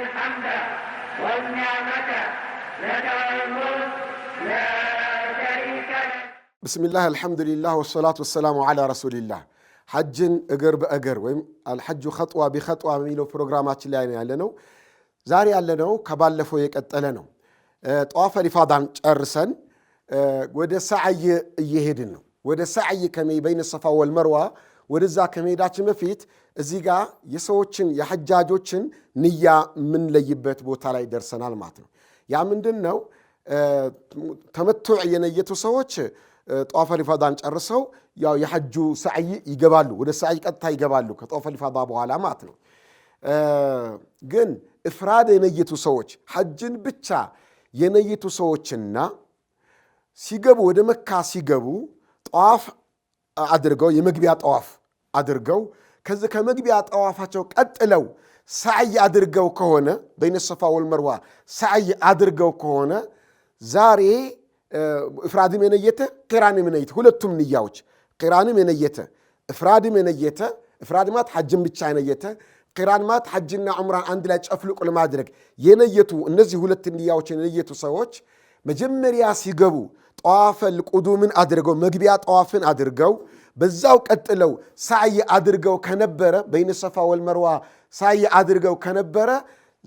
الحمد والنعمة لك والملك لا شريك لك بسم الله الحمد لله والصلاة والسلام على رسول الله ሐጅን እግር በእግር ወይም አልሐጁ ኸጥዋ ቢኸጥዋ የሚለው ፕሮግራማችን ላይ ነው ያለነው። ዛሬ ያለነው ከባለፈው የቀጠለ ነው። ጠዋፈ ሊፋዳን ጨርሰን ወደ ሰዓይ እየሄድን ነው። ወደ ሰዓይ ከሚ በይነ ሰፋ ወልመርዋ ወደዛ ከመሄዳችን በፊት እዚህ ጋ የሰዎችን የሐጃጆችን ንያ የምንለይበት ቦታ ላይ ደርሰናል ማለት ነው። ያ ምንድን ነው? ተመቱዕ የነየቱ ሰዎች ጧፈ ጨርሰው ያው የሐጁ ሰዓይ ይገባሉ፣ ወደ ሰዓይ ቀጥታ ይገባሉ ከጧፈ በኋላ ማለት ነው። ግን እፍራድ የነየቱ ሰዎች ሐጅን ብቻ የነየቱ ሰዎችና ሲገቡ ወደ መካ ሲገቡ ጠዋፍ አድርገው የመግቢያ ጠዋፍ አድርገው ከዚህ ከመግቢያ ጠዋፋቸው ቀጥለው ሳዕይ አድርገው ከሆነ በይነ ሰፋ ወልመርዋ ሳዕይ አድርገው ከሆነ ዛሬ እፍራድም የነየተ ቂራንም የነየተ ሁለቱም ንያዎች ቂራንም የነየተ እፍራድም የነየተ እፍራድ ማለት ሐጅም ብቻ የነየተ ቂራን ማለት ሐጅና ዑምራን አንድ ላይ ጨፍልቁ ለማድረግ የነየቱ እነዚህ ሁለት ንያዎች የነየቱ ሰዎች መጀመሪያ ሲገቡ ጠዋፈል ቁዱምን አድርገው መግቢያ ጠዋፍን አድርገው በዛው ቀጥለው ሳይ አድርገው ከነበረ በይነ ሰፋ ወልመርዋ ሳይ አድርገው ከነበረ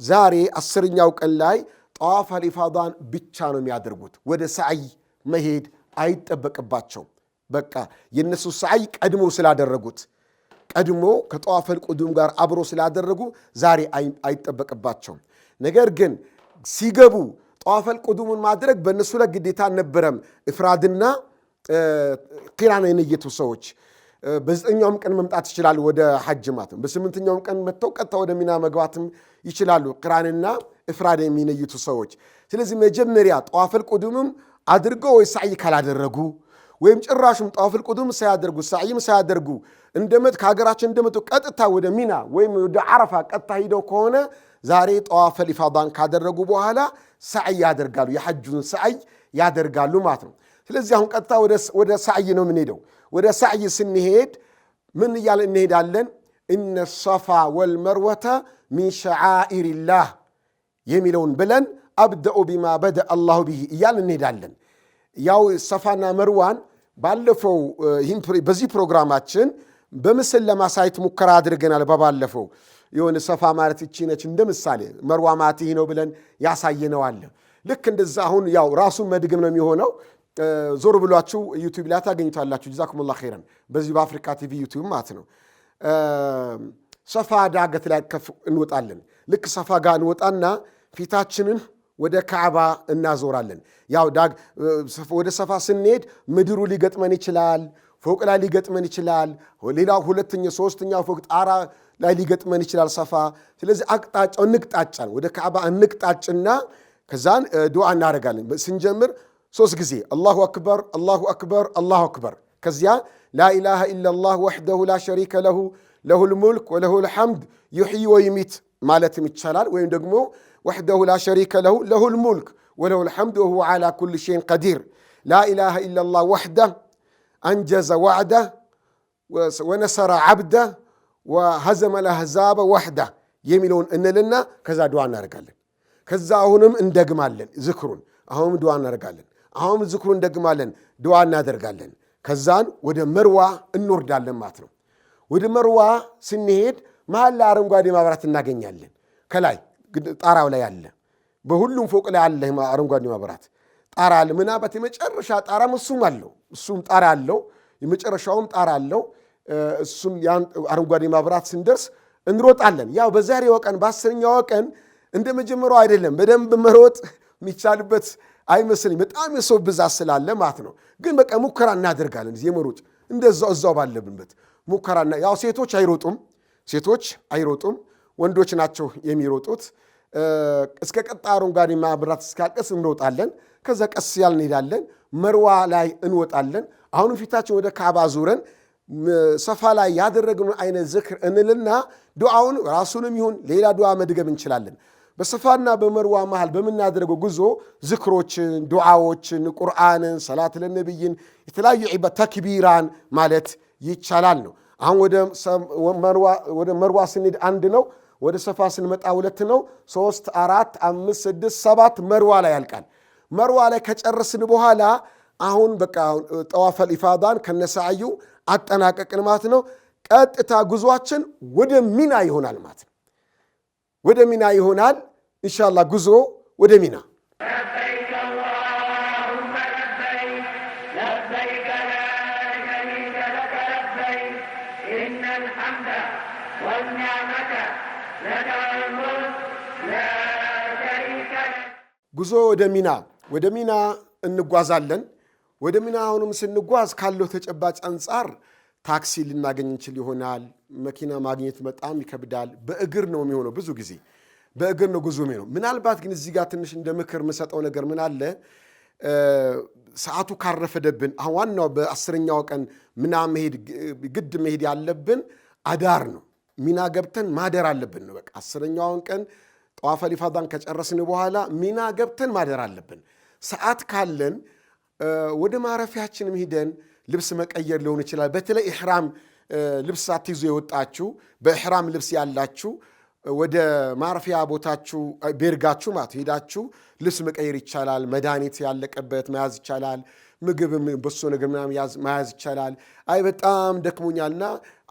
ዛሬ አስርኛው ቀን ላይ ጠዋፍ አልኢፋዳን ብቻ ነው የሚያደርጉት። ወደ ሳይ መሄድ አይጠበቅባቸው። በቃ የእነሱ ሳይ ቀድሞ ስላደረጉት ቀድሞ ከጠዋፈል ቁዱም ጋር አብሮ ስላደረጉ ዛሬ አይጠበቅባቸውም። ነገር ግን ሲገቡ ጠዋፈል ቁዱሙን ማድረግ በእነሱ ላይ ግዴታ አልነበረም። እፍራድና ኪራን የነየቱ ሰዎች በዘጠኛውም ቀን መምጣት ይችላሉ ወደ ሐጅ ማለት ነው። በስምንተኛውም ቀን መጥተው ቀጥታ ወደ ሚና መግባትም ይችላሉ ቂራንና እፍራድ የሚነይቱ ሰዎች። ስለዚህ መጀመሪያ ጠዋፈል ቁዱምም አድርገው ወይ ሳዕይ ካላደረጉ ወይም ጭራሹም ጠዋፈል ቁዱም ሳያደርጉ ሳዕይም ሳያደርጉ እንደመጡ ከሀገራችን እንደመጡ ቀጥታ ወደ ሚና ወይም ወደ ዓረፋ ቀጥታ ሂደው ከሆነ ዛሬ ጠዋፈል ኢፋዳን ካደረጉ በኋላ ሳዕይ ያደርጋሉ፣ የሐጁን ሳዕይ ያደርጋሉ ማለት ነው። ስለዚህ አሁን ቀጥታ ወደ ሳዕይ ነው የምንሄደው። ወደ ሳዕይ ስንሄድ ምን እያለ እንሄዳለን? እነ ሰፋ ወልመርወተ ሚን ሸዓኢሪላህ የሚለውን ብለን አብደኡ ቢማ በደ አላሁ ብሂ እያል እንሄዳለን። ያው ሰፋና መርዋን ባለፈው በዚህ ፕሮግራማችን በምስል ለማሳየት ሙከራ አድርገናል። በባለፈው የሆነ ሰፋ ማለት ይቺ ነች እንደ ምሳሌ፣ መርዋ ማለት ይህ ነው ብለን ያሳየነዋል። ልክ እንደዛ አሁን ያው ራሱን መድግም ነው የሚሆነው። ዞር ብሏችሁ ዩቲዩብ ላይ ታገኙታላችሁ። ጀዛኩሙላህ ኸይረን። በዚሁ በአፍሪካ ቲቪ ዩቲዩብ ማለት ነው። ሰፋ ዳገት ላይ ከፍ እንወጣለን። ልክ ሰፋ ጋር እንወጣና ፊታችንን ወደ ካዕባ እናዞራለን። ያው ወደ ሰፋ ስንሄድ ምድሩ ሊገጥመን ይችላል፣ ፎቅ ላይ ሊገጥመን ይችላል፣ ሌላ ሁለተኛ ሶስተኛ ፎቅ ጣራ ላይ ሊገጥመን ይችላል ሰፋ። ስለዚህ አቅጣጫው እንቅጣጫን ወደ ካዕባ እንቅጣጭና ከዛን ዱዓ እናደርጋለን ስንጀምር ሶስት ጊዜ አላሁ አክበር አላሁ አክበር አላሁ አክበር። ከዚያ ላኢላሃ ኢለላህ ወሕደሁ ላ ሸሪከ ለሁ ለሁል ሙልክ ወለሁል ሐምድ ዩሕይ ወዩሚት ማለትም ይቻላል። ወይም ደግሞ ወሕደሁ ላ ሸሪከ ለሁ ለሁል ሙልክ ወለሁል ሐምድ ወሁወ ዓላ ኩል ሸይን ቀዲር ላኢላሃ ኢለላህ ወሕደ አንጀዘ ዋዕደ ወነሰረ ዓብደ ወሀዘመል አሕዛበ ወሕደ የሚለውን እንልና ከዛ ድዋ እናደርጋለን። ከዛ አሁንም እንደግማለን ዝክሩን አሁንም ድዋ እናደርጋለን። አሁን ዝክሩ እንደግማለን፣ ድዋ እናደርጋለን። ከዛን ወደ መርዋ እንወርዳለን ማለት ነው። ወደ መርዋ ስንሄድ መሀል ላይ አረንጓዴ ማብራት እናገኛለን። ከላይ ጣራው ላይ አለ፣ በሁሉም ፎቅ ላይ አለ አረንጓዴ ማብራት ጣራ አለ። ምናልባት የመጨረሻ ጣራም እሱም አለው እሱም ጣራ አለው፣ የመጨረሻውም ጣራ አለው። እሱም አረንጓዴ ማብራት ስንደርስ እንሮጣለን። ያው በዛሬዋ ቀን በአስረኛዋ ቀን እንደ መጀመሪያው አይደለም። በደንብ መሮጥ የሚቻልበት አይመስልኝ በጣም የሰው ብዛት ስላለ ማለት ነው። ግን በቃ ሙከራ እናደርጋለን የመሮጭ እንደዛው እዛው ባለብንበት ሙከራና ያው ሴቶች አይሮጡም፣ ሴቶች አይሮጡም፣ ወንዶች ናቸው የሚሮጡት። እስከ ቀጥ አረንጓዴ መብራት እስካልቀስ እንሮጣለን። ከዛ ቀስ ያልን እንሄዳለን። መርዋ ላይ እንወጣለን። አሁኑ ፊታችን ወደ ካባ ዙረን ሰፋ ላይ ያደረግነውን አይነት ዝክር እንልና ዱዓውን ራሱንም ይሁን ሌላ ዱዓ መድገም እንችላለን። በሰፋና በመርዋ መሃል በምናደርገው ጉዞ ዝክሮችን፣ ዱዓዎችን፣ ቁርአንን፣ ሰላት ለነቢይን የተለያዩ ዒባ ተክቢራን ማለት ይቻላል ነው። አሁን ወደ መርዋ ስንሄድ አንድ ነው። ወደ ሰፋ ስንመጣ ሁለት ነው። ሶስት፣ አራት፣ አምስት፣ ስድስት፣ ሰባት መርዋ ላይ ያልቃል። መርዋ ላይ ከጨረስን በኋላ አሁን በቃ ጠዋፈል ኢፋዳን ከነሳዩ አጠናቀቅን ማለት ነው። ቀጥታ ጉዟችን ወደ ሚና ይሆናል ማለት ነው። ወደ ሚና ይሆናል። እንሻላ ጉዞ ወደ ሚና ጉዞ ወደ ሚና ወደ ሚና እንጓዛለን። ወደ ሚና አሁንም ስንጓዝ ካለው ተጨባጭ አንጻር ታክሲ ልናገኝ እንችል ይሆናል። መኪና ማግኘት በጣም ይከብዳል። በእግር ነው የሚሆነው፣ ብዙ ጊዜ በእግር ነው ጉዞ ነው። ምናልባት ግን እዚህ ጋር ትንሽ እንደ ምክር የምሰጠው ነገር ምን አለ ሰዓቱ ካረፈደብን አሁን ዋናው በአስረኛው ቀን ምና መሄድ ግድ መሄድ ያለብን አዳር ነው። ሚና ገብተን ማደር አለብን ነው በቃ። አስረኛውን ቀን ጠዋፈ ሊፋዳን ከጨረስን በኋላ ሚና ገብተን ማደር አለብን። ሰዓት ካለን ወደ ማረፊያችንም ሂደን ልብስ መቀየር ሊሆን ይችላል። በተለይ ኢሕራም ልብስ ሳትይዙ የወጣችሁ በኢሕራም ልብስ ያላችሁ ወደ ማረፊያ ቦታችሁ ቤርጋችሁ ማለት ሄዳችሁ ልብስ መቀየር ይቻላል። መድኃኒት ያለቀበት መያዝ ይቻላል። ምግብ በሶ ነገር መያዝ ይቻላል። አይ በጣም ደክሞኛልና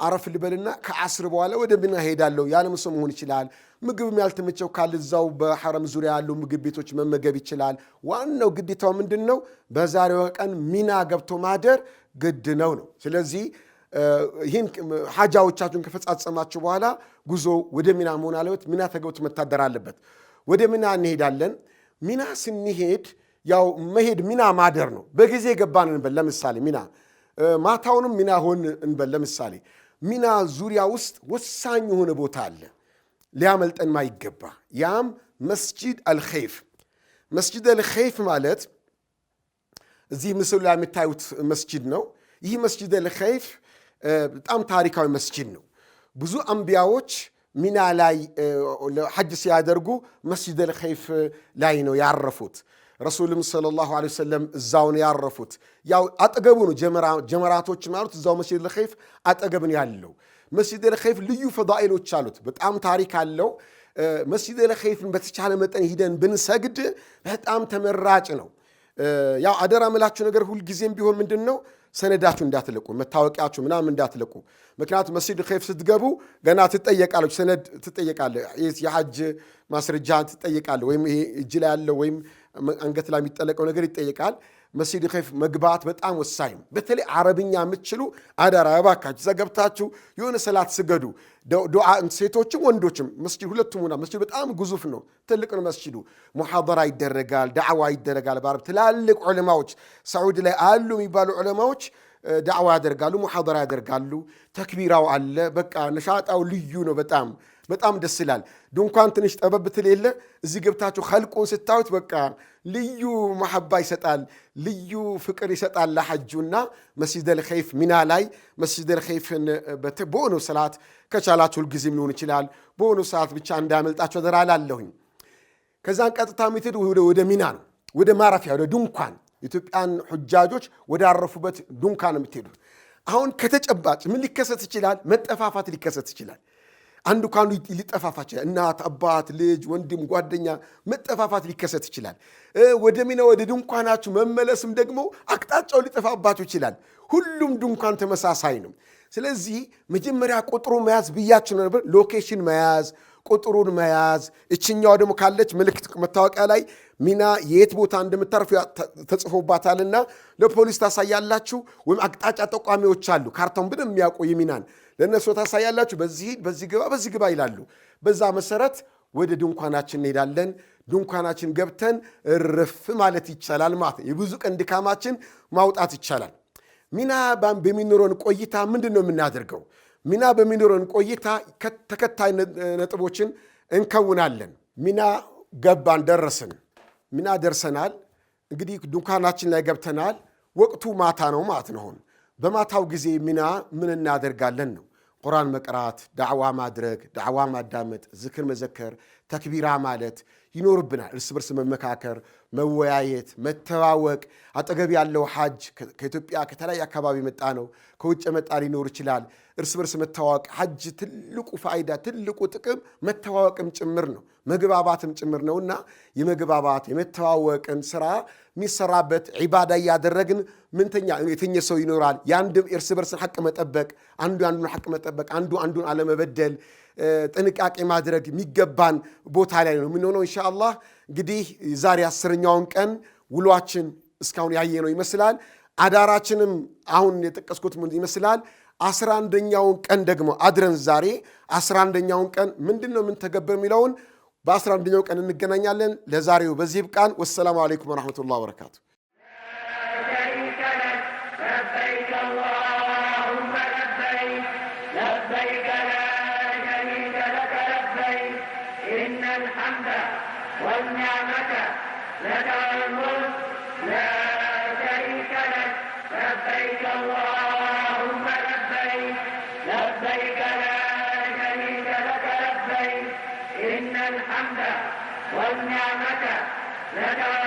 አረፍ ልበልና ከአስር በኋላ ወደ ብና ሄዳለሁ ያለም ሰው መሆን ይችላል። ምግብም ያልተመቸው ካለ እዛው በሐረም ዙሪያ ያሉ ምግብ ቤቶች መመገብ ይችላል። ዋናው ግዴታው ምንድን ነው? በዛሬዋ ቀን ሚና ገብቶ ማደር ግድ ነው ነው። ስለዚህ ይህን ሐጃዎቻችሁን ከፈጻጸማችሁ በኋላ ጉዞ ወደ ሚና መሆን አለበት። ሚና ተገብቶ መታደር አለበት። ወደ ሚና እንሄዳለን። ሚና ስንሄድ ያው መሄድ ሚና ማደር ነው። በጊዜ ገባን እንበል ለምሳሌ ሚና ማታውንም ሚና ሆን እንበል ለምሳሌ ሚና ዙሪያ ውስጥ ወሳኝ የሆነ ቦታ አለ ሊያመልጠን ማይገባ። ያም መስጂድ አልኸይፍ መስጂድ አልኸይፍ ማለት እዚህ ምስሉ ላይ የምታዩት መስጅድ ነው። ይህ መስጅድ ልኸይፍ በጣም ታሪካዊ መስጅድ ነው። ብዙ አንቢያዎች ሚና ላይ ሐጅ ሲያደርጉ መስጅድ ልኸይፍ ላይ ነው ያረፉት። ረሱልም ሰለላሁ ዐለይሂ ወሰለም እዛው ነው ያረፉት። ያው አጠገቡ ነው ጀመራቶች ማለት እዛው መስጅድ ልኸይፍ አጠገብ ነው ያለው። መስጅድ ልኸይፍ ልዩ ፈዳኢሎች አሉት። በጣም ታሪክ አለው። መስጅድ ልኸይፍን በተቻለ መጠን ሂደን ብንሰግድ በጣም ተመራጭ ነው። ያው አደራ ምላችሁ ነገር ሁልጊዜም ቢሆን ምንድን ነው ሰነዳችሁ እንዳትለቁ፣ መታወቂያችሁ ምናምን እንዳትለቁ። ምክንያቱም መስጂድ ኸይፍ ስትገቡ ገና ትጠየቃለች፣ ሰነድ ትጠየቃለ፣ የሐጅ ማስረጃ ትጠይቃለ ወይም ይሄ እጅ ላይ ያለው ወይም አንገት ላይ የሚጠለቀው ነገር ይጠየቃል። መስጂድ ኸይፍ መግባት በጣም ወሳኝ ነው። በተለይ አረብኛ የምትችሉ አዳራ እባካችሁ እዛ ገብታችሁ የሆነ ሰላት ስገዱ። ሴቶችም ወንዶችም መስጂድ ሁለቱም ሆና መስጂድ በጣም ግዙፍ ነው፣ ትልቅ ነው መስጂዱ። ሙሐደራ ይደረጋል፣ ዳዕዋ ይደረጋል። በአረብ ትላልቅ ዑለማዎች ሳዑዲ ላይ አሉ የሚባሉ ዑለማዎች ዳዕዋ ያደርጋሉ፣ ሙሐደራ ያደርጋሉ። ተክቢራው አለ። በቃ ነሻጣው ልዩ ነው በጣም በጣም ደስ ይላል። ድንኳን ትንሽ ጠበብ ትል የለ እዚህ ገብታችሁ ኸልቁን ስታዩት በቃ ልዩ መሐባ ይሰጣል፣ ልዩ ፍቅር ይሰጣል ለሐጁና መስጂደል ኸይፍ ሚና ላይ መስጂደል ኸይፍን በሆነ ሰላት ከቻላችሁ ሁልጊዜም ሊሆን ይችላል በሆነ ሰዓት ብቻ እንዳያመልጣችሁ አደራ እላለሁኝ። ከዛን ቀጥታ የምትሄድ ወደ ሚና ነው፣ ወደ ማረፊያ ወደ ድንኳን ኢትዮጵያን ሑጃጆች ወዳረፉበት ድንኳን ነው የምትሄዱት። አሁን ከተጨባጭ ምን ሊከሰት ይችላል? መጠፋፋት ሊከሰት ይችላል። አንዱ ከአንዱ ሊጠፋፋ ይችላል። እናት፣ አባት፣ ልጅ፣ ወንድም፣ ጓደኛ መጠፋፋት ሊከሰት ይችላል። ወደ ሚና ወደ ድንኳናችሁ መመለስም ደግሞ አቅጣጫው ሊጠፋባችሁ ይችላል። ሁሉም ድንኳን ተመሳሳይ ነው። ስለዚህ መጀመሪያ ቁጥሩ መያዝ ብያችሁ ነበር። ሎኬሽን መያዝ፣ ቁጥሩን መያዝ። እችኛው ደግሞ ካለች ምልክት መታወቂያ ላይ ሚና የት ቦታ እንደምታርፍ ተጽፎባታልና ለፖሊስ ታሳያላችሁ። ወይም አቅጣጫ ጠቋሚዎች አሉ፣ ካርታውን ብን የሚያውቁ የሚናን ለእነሱ ታሳያላችሁ። በዚህ በዚህ ግባ፣ በዚህ ግባ ይላሉ። በዛ መሰረት ወደ ድንኳናችን እንሄዳለን። ድንኳናችን ገብተን እርፍ ማለት ይቻላል ማለት ነው። የብዙ ቀን ድካማችን ማውጣት ይቻላል። ሚና በሚኖረን ቆይታ ምንድን ነው የምናደርገው? ሚና በሚኖረን ቆይታ ተከታይ ነጥቦችን እንከውናለን። ሚና ገባን፣ ደረስን፣ ሚና ደርሰናል። እንግዲህ ድንኳናችን ላይ ገብተናል። ወቅቱ ማታ ነው ማለት ነው። አሁን በማታው ጊዜ ሚና ምን እናደርጋለን ነው ቁርአን መቅራት፣ ዳዕዋ ማድረግ፣ ዳዕዋ ማዳመጥ፣ ዝክር መዘከር፣ ተክቢራ ማለት ይኖርብናል። እርስ በርስ መመካከር፣ መወያየት፣ መተዋወቅ። አጠገብ ያለው ሐጅ ከኢትዮጵያ ከተለያየ አካባቢ መጣ ነው፣ ከውጭ መጣ ሊኖር ይችላል። እርስ በርስ መተዋወቅ ሐጅ ትልቁ ፋይዳ፣ ትልቁ ጥቅም መተዋወቅም ጭምር ነው። መግባባትም ጭምር ነውና የመግባባት የመተዋወቅን ስራ የሚሰራበት ዒባዳ እያደረግን ምንተኛ የተኘ ሰው ይኖራል። የአንድ እርስ በርስን ሐቅ መጠበቅ፣ አንዱ አንዱን ሐቅ መጠበቅ፣ አንዱ አንዱን አለመበደል፣ ጥንቃቄ ማድረግ የሚገባን ቦታ ላይ ነው የምንሆነው። እንሻ አላህ እንግዲህ ዛሬ አስረኛውን ቀን ውሏችን እስካሁን ያየነው ይመስላል። አዳራችንም አሁን የጠቀስኩት ይመስላል። አስራ አንደኛውን ቀን ደግሞ አድረን ዛሬ አስራ አንደኛውን ቀን ምንድን ነው ምን የሚለውን በአስራ አንደኛው ቀን እንገናኛለን። ለዛሬው በዚህ ብቃን። ወሰላሙ አሌይኩም ወረሕመቱላህ ወበረካቱ። لك الملك لا شريك لك لبيك الله Let us